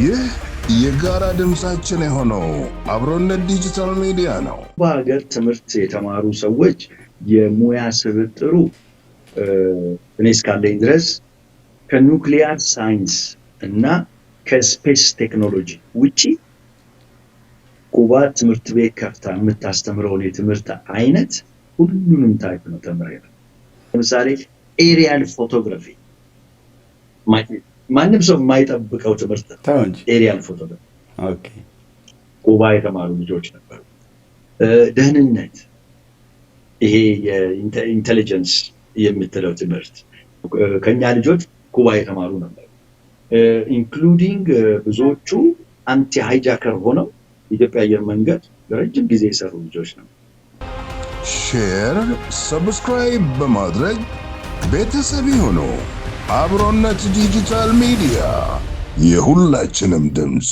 ይህ የጋራ ድምፃችን የሆነው አብሮነት ዲጂታል ሚዲያ ነው። በሀገር ትምህርት የተማሩ ሰዎች የሙያ ስብጥሩ እኔ እስካለኝ ድረስ ከኑክሊያር ሳይንስ እና ከስፔስ ቴክኖሎጂ ውጪ ኩባ ትምህርት ቤት ከፍታ የምታስተምረውን የትምህርት አይነት ሁሉንም ታይፕ ነው ተምሬ። ለምሳሌ ኤሪያል ፎቶግራፊ ማንም ሰው የማይጠብቀው ትምህርት ኤሪያል ፎቶግራፍ ቁባ የተማሩ ልጆች ነበሩ። ደህንነት፣ ይሄ የኢንቴሊጀንስ የምትለው ትምህርት ከኛ ልጆች ኩባ የተማሩ ነበሩ። ኢንክሉዲንግ ብዙዎቹ አንቲ ሃይጃከር ሆነው የኢትዮጵያ አየር መንገድ ረጅም ጊዜ የሰሩ ልጆች ነው። ሼር፣ ሰብስክራይብ በማድረግ ቤተሰብ ይሁኑ። አብሮነት ዲጂታል ሚዲያ የሁላችንም ድምፅ